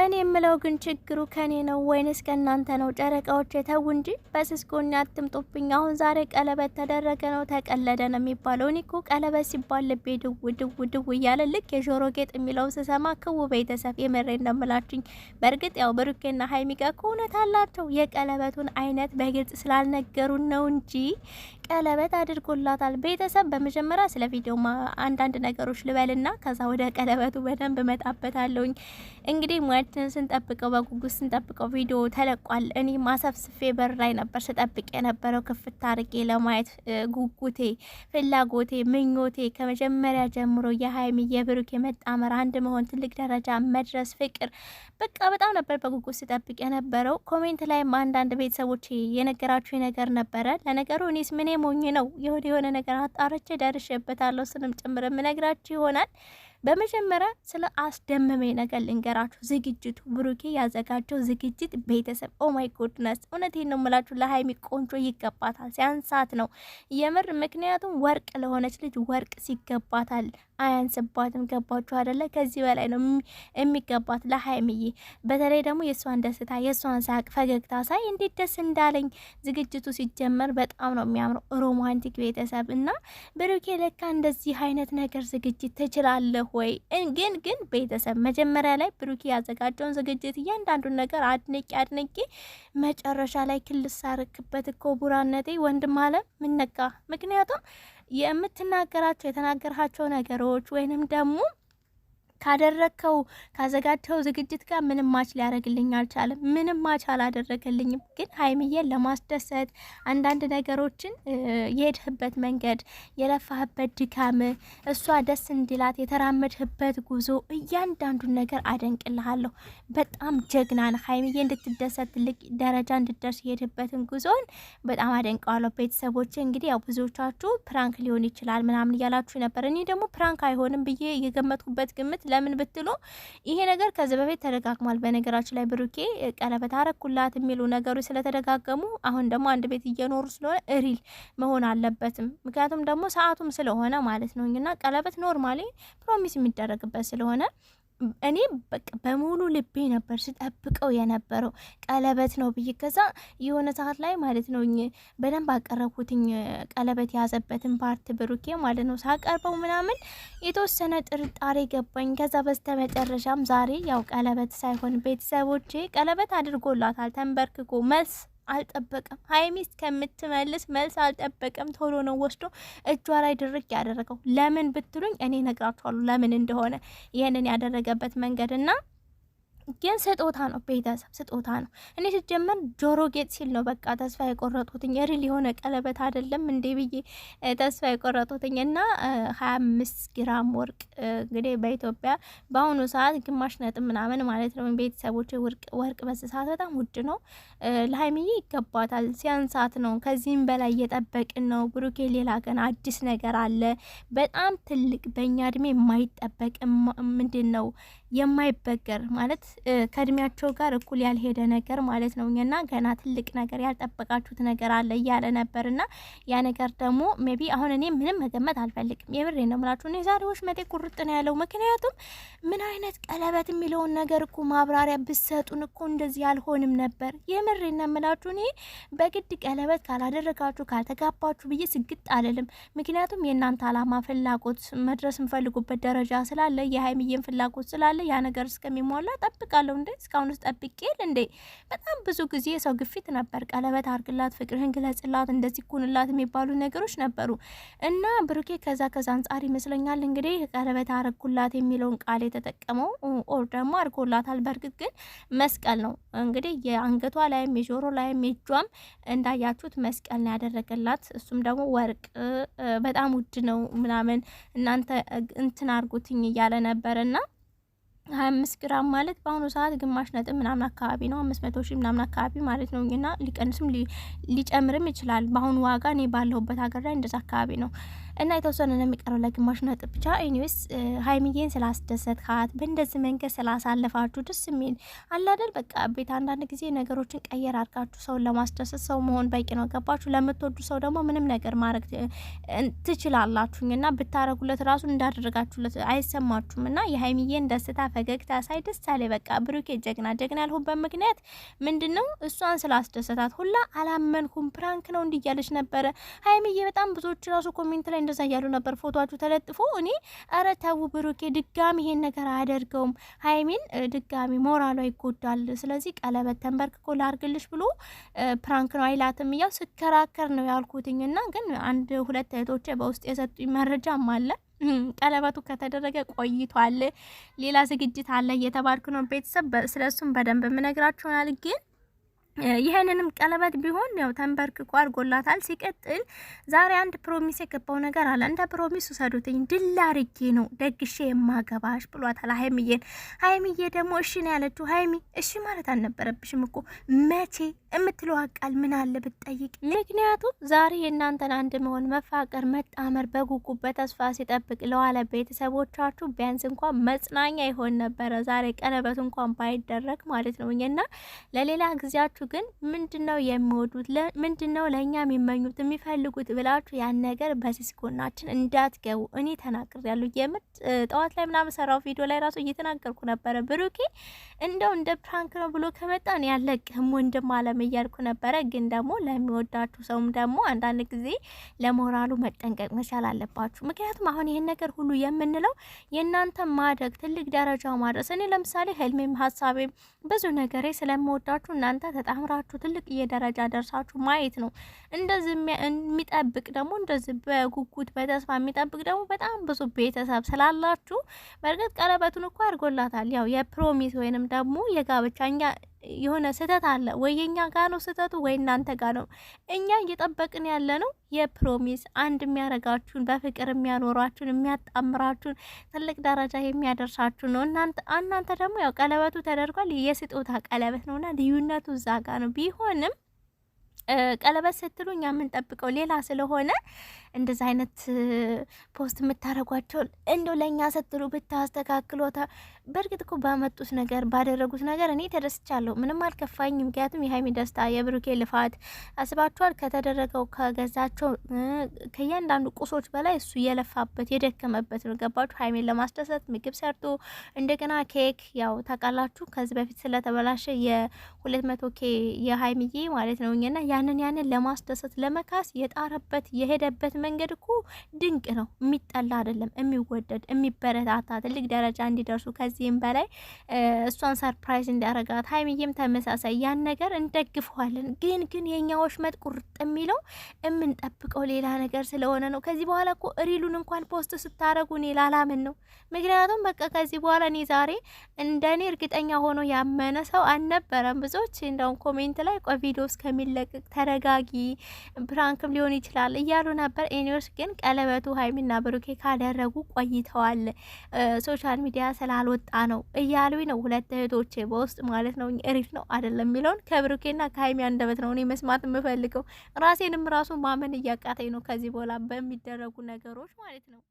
እኔ የምለው ግን ችግሩ ከኔ ነው ወይንስ ከእናንተ ነው? ጨረቃዎች የተው እንጂ በስስጎኛ አትምጡብኝ። አሁን ዛሬ ቀለበት ተደረገ ነው ተቀለደ ነው የሚባለው። እኔ እኮ ቀለበት ሲባል ልቤ ድው ድው ድው እያለ ልክ የጆሮ ጌጥ የሚለው ስሰማ ክው ቤተሰብ የመሬ እንደምላችኝ። በእርግጥ ያው ብሩኬና ሀይሚ ጋር እውነት አላቸው። የቀለበቱን አይነት በግልጽ ስላልነገሩን ነው እንጂ ቀለበት አድርጎላታል። ቤተሰብ በመጀመሪያ ስለ ቪዲዮ አንዳንድ ነገሮች ልበልና ከዛ ወደ ቀለበቱ በደንብ እመጣበታለሁኝ እንግዲህ ሁላችንን ስንጠብቀው በጉጉት ስንጠብቀው ቪዲዮ ተለቋል። እኔ ማሰብስፌ በር ላይ ነበር ስጠብቅ የነበረው ክፍት አርጌ ለማየት ጉጉቴ፣ ፍላጎቴ፣ ምኞቴ ከመጀመሪያ ጀምሮ የሀይሚ የብሩክ የመጣመር አንድ መሆን ትልቅ ደረጃ መድረስ ፍቅር በቃ በጣም ነበር በጉጉት ስጠብቅ የነበረው። ኮሜንት ላይም አንዳንድ ቤተሰቦች የነገራችሁ ነገር ነበረ። ለነገሩ እኔስ ምን ሞኝ ነው የሆነ የሆነ ነገር አጣርቼ ደርሼበታለሁ ስንም ጭምር የምነግራችሁ ይሆናል። በመጀመሪያ ስለ አስደመመኝ ነገር ልንገራችሁ። ዝግጅቱ ብሩኬ ያዘጋጀው ዝግጅት ቤተሰብ፣ ኦማይ ጎድነስ እውነቴን ነው የምላችሁ። ለሀይሚ ቆንጆ ይገባታል፣ ሲያንሳት ነው የምር ምክንያቱም ወርቅ ለሆነች ልጅ ወርቅ ሲገባታል። አያንስባትም። ገባችሁ አደለ? ከዚህ በላይ ነው የሚገባት ለሀይምዬ። በተለይ ደግሞ የእሷን ደስታ፣ የእሷን ሳቅ፣ ፈገግታ ሳይ እንዴት ደስ እንዳለኝ። ዝግጅቱ ሲጀመር በጣም ነው የሚያምረው። ሮማንቲክ ቤተሰብ እና ብሩኬ ለካ እንደዚህ አይነት ነገር ዝግጅት ትችላለህ ወይ? ግን ግን ቤተሰብ መጀመሪያ ላይ ብሩኬ ያዘጋጀውን ዝግጅት እያንዳንዱን ነገር አድንቂ አድንቂ መጨረሻ ላይ ክልሳርክበት እኮ ቡራነቴ ወንድም አለ ምነቃ ምክንያቱም የምትናገራቸው የተናገርሃቸው ነገሮች ወይንም ደግሞ ካደረግከው ካዘጋጀው ዝግጅት ጋር ምንም ማች ሊያደርግልኝ አልቻለም። ምንም ማች አላደረገልኝም። ግን ሀይሚዬን ለማስደሰት አንዳንድ ነገሮችን የሄድህበት መንገድ፣ የለፋህበት ድካም፣ እሷ ደስ እንዲላት የተራመድህበት ጉዞ፣ እያንዳንዱን ነገር አደንቅልሃለሁ። በጣም ጀግና ነህ። ሀይሚዬ እንድትደሰት ትልቅ ደረጃ እንድደርስ የሄድህበትን ጉዞን በጣም አደንቀዋለሁ። ቤተሰቦች እንግዲህ ያው ብዙዎቻችሁ ፕራንክ ሊሆን ይችላል ምናምን እያላችሁ ነበር። እኔ ደግሞ ፕራንክ አይሆንም ብዬ የገመትኩበት ግምት ለምን ብትሉ ይሄ ነገር ከዚህ በፊት ተደጋግሟል። በነገራችን ላይ ብሩኬ ቀለበት አረኩላት የሚሉ ነገሮች ስለተደጋገሙ አሁን ደግሞ አንድ ቤት እየኖሩ ስለሆነ እሪል መሆን አለበትም። ምክንያቱም ደግሞ ሰዓቱም ስለሆነ ማለት ነው እና ቀለበት ኖርማሊ ፕሮሚስ የሚደረግበት ስለሆነ እኔ በቃ በሙሉ ልቤ ነበር ስጠብቀው የነበረው ቀለበት ነው ብዬ ከዛ የሆነ ሰዓት ላይ ማለት ነው በደንብ አቀረብኩትኝ ቀለበት የያዘበትን ፓርት ብሩኬ ማለት ነው ሳቀርበው ምናምን የተወሰነ ጥርጣሬ ገባኝ። ከዛ በስተ መጨረሻም ዛሬ ያው ቀለበት ሳይሆን ቤተሰቦቼ ቀለበት አድርጎላታል ተንበርክኮ መልስ አልጠበቀም። ሀይሚስ ከምትመልስ መልስ አልጠበቀም። ቶሎ ነው ወስዶ እጇ ላይ ድርቅ ያደረገው። ለምን ብትሉኝ እኔ ነግራችኋለሁ ለምን እንደሆነ ይህንን ያደረገበት መንገድ እና ግን ስጦታ ነው፣ ቤተሰብ ስጦታ ነው። እኔ ሲጀመር ጆሮ ጌጥ ሲል ነው በቃ ተስፋ የቆረጡትኝ ሪል የሆነ ቀለበት አይደለም እንዴ ብዬ ተስፋ የቆረጡትኝ እና ሀያ አምስት ግራም ወርቅ እንግዲህ በኢትዮጵያ በአሁኑ ሰዓት ግማሽ ነጥብ ምናምን ማለት ነው። ቤተሰቦች ወርቅ በስሳት በጣም ውድ ነው። ለሀይሚዬ ይገባታል። ሲያንሳት ነው። ከዚህም በላይ እየጠበቅን ነው። ብሩኬ ሌላ ቀን አዲስ ነገር አለ። በጣም ትልቅ በእኛ እድሜ የማይጠበቅ ምንድን ነው የማይበገር ማለት ከእድሜያቸው ጋር እኩል ያልሄደ ነገር ማለት ነው እና ገና ትልቅ ነገር ያልጠበቃችሁት ነገር አለ እያለ ነበር እና ያ ነገር ደግሞ ቢ አሁን እኔ ምንም መገመት አልፈልግም። የምሬ ነው ምላችሁ። እኔ ዛሬ ወሽመጤ ቁርጥ ነው ያለው። ምክንያቱም ምን አይነት ቀለበት የሚለውን ነገር እኮ ማብራሪያ ብሰጡን እኮ እንደዚህ አልሆንም ነበር። የምሬ ነው ምላችሁ። እኔ በግድ ቀለበት ካላደረጋችሁ ካልተጋባችሁ ብዬ ስግጥ አልልም። ምክንያቱም የእናንተ አላማ ፍላጎት መድረስ የምፈልጉበት ደረጃ ስላለ የሀይምዬን ፍላጎት ስላለ ያ ነገር እስከሚሟላ ጠብ እጠብቃለሁ እንዴ? እስካሁን ውስጥ ጠብቄ እንዴ? በጣም ብዙ ጊዜ የሰው ግፊት ነበር። ቀለበት አርግላት፣ ፍቅርህን ግለጽላት፣ እንደዚህ ኩንላት የሚባሉ ነገሮች ነበሩ እና ብሩኬ ከዛ ከዛ አንጻር ይመስለኛል እንግዲህ ቀለበት አረጉላት የሚለውን ቃል የተጠቀመው ኦር ደግሞ አርጎላታል። በእርግጥ ግን መስቀል ነው እንግዲህ የአንገቷ ላይም የጆሮ ላይም የእጇም እንዳያችሁት መስቀል ነው ያደረገላት። እሱም ደግሞ ወርቅ በጣም ውድ ነው ምናምን እናንተ እንትን አርጉትኝ እያለ ነበር እና ሀያ አምስት ግራም ማለት በአሁኑ ሰዓት ግማሽ ነጥብ ምናምን አካባቢ ነው፣ አምስት መቶ ሺህ ምናምን አካባቢ ማለት ነው። እና ሊቀንስም ሊጨምርም ይችላል። በአሁኑ ዋጋ እኔ ባለሁበት ሀገር ላይ እንደዛ አካባቢ ነው። እና የተወሰነ ነው የሚቀረው ለግማሽ ነጥብ ብቻ። ኒስ ሀይሚዬን ስላስደሰትካት በእንደዚህ መንገድ ስላሳለፋችሁ ደስ የሚል አላደል በቃ ቤት አንዳንድ ጊዜ ነገሮችን ቀየር አድርጋችሁ ሰውን ለማስደሰት ሰው መሆን በቂ ነው። ገባችሁ? ለምትወዱ ሰው ደግሞ ምንም ነገር ማድረግ ትችላላችሁኝ እና ብታረጉለት ራሱ እንዳደረጋችሁለት አይሰማችሁም። እና የሀይሚዬን ደስታ ፈገግታ ሳይ ደስ አለኝ። በቃ ብሩኬ ጀግና ጀግና ያልሁበት ምክንያት ምንድን ነው? እሷን ስላስደሰታት ሁላ አላመንኩም። ፕራንክ ነው እንዲያለች ነበረ ሀይሚዬ። በጣም ብዙዎች ራሱ ኮሜንት ላይ እንደዛ እያሉ ነበር ፎቶችሁ ተለጥፎ። እኔ ኧረ ተው ብሩኬ፣ ድጋሚ ይሄን ነገር አያደርገውም። ሀይሚን ድጋሚ ሞራሏ ይጎዳል። ስለዚህ ቀለበት ተንበርክኮ ላርግልሽ ብሎ ፕራንክ ነው አይላትም እያው ስከራከር ነው ያልኩትኝ። እና ግን አንድ ሁለት እህቶቼ በውስጥ የሰጡኝ መረጃም አለ ቀለበቱ ከተደረገ ቆይቷል፣ ሌላ ዝግጅት አለ እየተባልኩ ነው ቤተሰብ። ስለሱም በደንብ የምነግራችሁናል ግን ይሄንንም ቀለበት ቢሆን ያው ተንበርክኮ አድርጎላታል። ሲቀጥል ዛሬ አንድ ፕሮሚስ የገባው ነገር አለ። እንደ ፕሮሚስ ውሰዱትኝ ድል አርጌ ነው ደግሼ የማገባሽ ብሏታል ሀይምዬን። ሀይምዬ ደግሞ እሺ ነው ያለችው። ሀይሚ እሺ ማለት አልነበረብሽም እኮ መቼ የምትለው አቃል ምን አለ ብትጠይቅ። ምክንያቱም ዛሬ የእናንተን አንድ መሆን፣ መፋቀር፣ መጣመር በጉጉ በተስፋ ሲጠብቅ ለዋለ ቤተሰቦቻችሁ ቢያንስ እንኳን መጽናኛ ይሆን ነበረ ዛሬ ቀለበቱ እንኳን ባይደረግ ማለት ነው እና ለሌላ ጊዜያችሁ ግን ምንድነው የሚወዱት ምንድነው ለእኛ የሚመኙት የሚፈልጉት ብላችሁ ያን ነገር በሲስኮናችን እንዳትገቡ እኔ ተናግር ያሉ የምር ጠዋት ላይ ምናምን ሰራው ቪዲዮ ላይ ራሱ እየተናገርኩ ነበረ። ብሩኬ እንደው እንደ ፕራንክ ነው ብሎ ከመጣን ያለቅህም ወንድም አለም እያልኩ ነበረ። ግን ደግሞ ለሚወዳችሁ ሰውም ደግሞ አንዳንድ ጊዜ ለሞራሉ መጠንቀቅ መቻል አለባችሁ። ምክንያቱም አሁን ይህን ነገር ሁሉ የምንለው የእናንተ ማደግ ትልቅ ደረጃ ማድረስ እኔ ለምሳሌ ህልሜም ሀሳቤም ብዙ ነገሬ ስለምወዳችሁ እናንተ ተጣ አምራችሁ ትልቅዬ ደረጃ ደርሳችሁ ማየት ነው። እንደዚህ የሚጠብቅ ደግሞ እንደዚህ በጉጉት በተስፋ የሚጠብቅ ደግሞ በጣም ብዙ ቤተሰብ ስላላችሁ በእርግጥ ቀለበቱን እኮ አድርጎላታል። ያው የፕሮሚስ ወይንም ደግሞ የጋብቻ እኛ የሆነ ስህተት አለ ወይ የኛ ጋ ነው ስህተቱ ወይ እናንተ ጋ ነው። እኛ እየጠበቅን ያለ ነው የፕሮሚስ አንድ የሚያረጋችሁን በፍቅር የሚያኖራችሁን የሚያጣምራችሁን ትልቅ ደረጃ የሚያደርሳችሁ ነው። እናንተ ደግሞ ያው ቀለበቱ ተደርጓል የስጦታ ቀለበት ነውና ልዩነቱ እዛ ጋ ነው ቢሆንም ቀለበት ስትሉ እኛ የምንጠብቀው ሌላ ስለሆነ እንደዚ አይነት ፖስት የምታደረጓቸውን እንዶ ለእኛ ስትሉ ብታስተካክሎታ። በእርግጥ እኮ ባመጡት ነገር ባደረጉት ነገር እኔ ተደስቻለሁ፣ ምንም አልከፋኝ። ምክንያቱም የሀይሚ ደስታ የብሩኬ ልፋት አስባችኋል። ከተደረገው ከገዛቸው ከእያንዳንዱ ቁሶች በላይ እሱ የለፋበት የደከመበት ነው። ገባችሁ? ሀይሜን ለማስደሰት ምግብ ሰርቶ እንደገና ኬክ ያው ታውቃላችሁ፣ ከዚህ በፊት ስለተበላሸ የሁለት መቶ ኬ የሀይምዬ ማለት ነው ያንን ያንን ለማስደሰት ለመካስ የጣረበት የሄደበት መንገድ እኮ ድንቅ ነው። የሚጠላ አይደለም፣ የሚወደድ የሚበረታታ ትልቅ ደረጃ እንዲደርሱ ከዚህም በላይ እሷን ሰርፕራይዝ እንዲያረጋት ሀይሚዬም ተመሳሳይ ያን ነገር እንደግፈዋለን። ግን ግን የእኛ መጥቁርጥ የሚለው የምንጠብቀው ሌላ ነገር ስለሆነ ነው። ከዚህ በኋላ እኮ ሪሉን እንኳን ፖስት ስታረጉ እኔ ላላምን ነው። ምክንያቱም በቃ ከዚህ በኋላ እኔ ዛሬ እንደኔ እርግጠኛ ሆኖ ያመነ ሰው አልነበረም። ብዙዎች እንደውም ኮሜንት ላይ ቆ ቪዲዮ እስከሚለቅቅ ተረጋጊ፣ ፕራንክም ሊሆን ይችላል እያሉ ነበር። ኤኒዌይስ ግን ቀለበቱ ሀይሚና ብሩኬ ካደረጉ ቆይተዋል። ሶሻል ሚዲያ ስላልወጣ ነው እያሉ ነው ሁለት እህቶቼ በውስጥ ማለት ነው። እሪፍ ነው አይደለም የሚለውን ከብሩኬና ከሀይሚ አንደበት ነው እኔ መስማት የምፈልገው። ራሴንም ራሱ ማመን እያቃተኝ ነው ከዚህ በኋላ በሚደረጉ ነገሮች ማለት ነው።